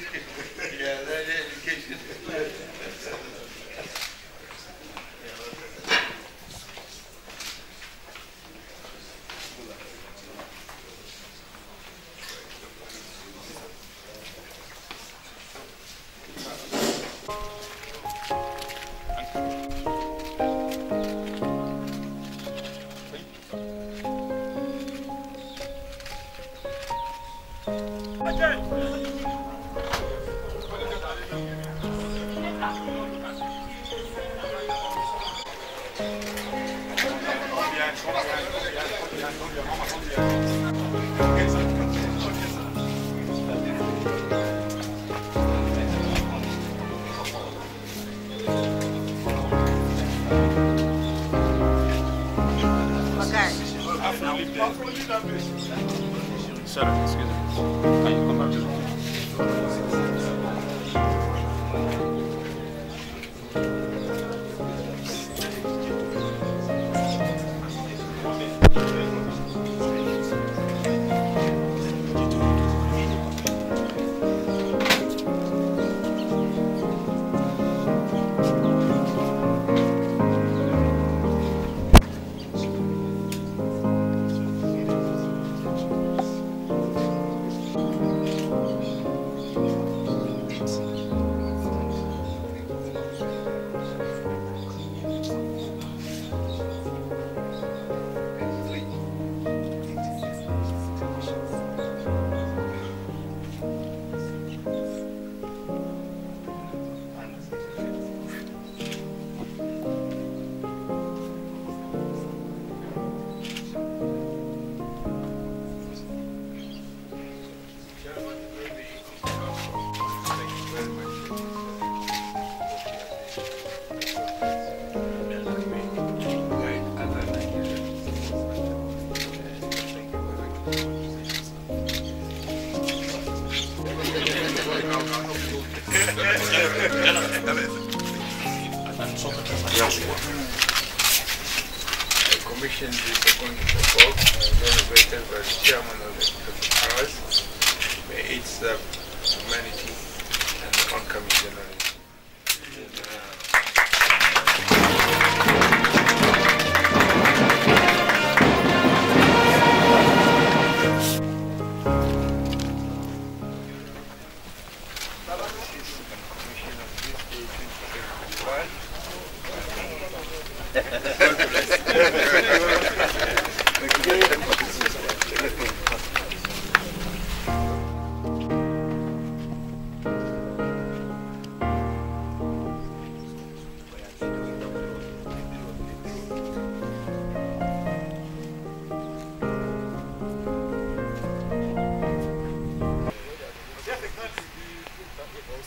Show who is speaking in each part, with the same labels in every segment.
Speaker 1: Gracias. Shut up, excuse me. Can you come back to the yawwa commissioned the second report renovated by the chairman of the Paris. It's the humanity and the oncoming generation.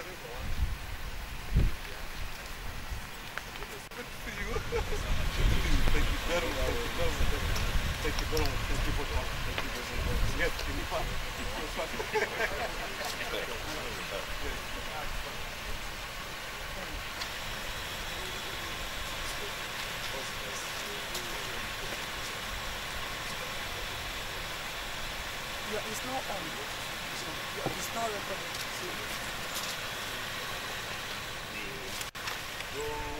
Speaker 1: Yeah, it's not on. It's not, yeah, it's not recording. Boom.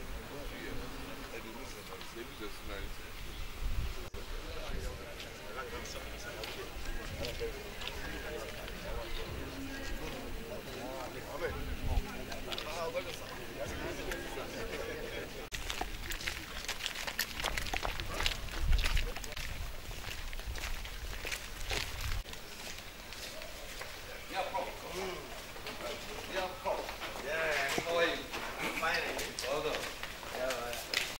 Speaker 1: Thank you.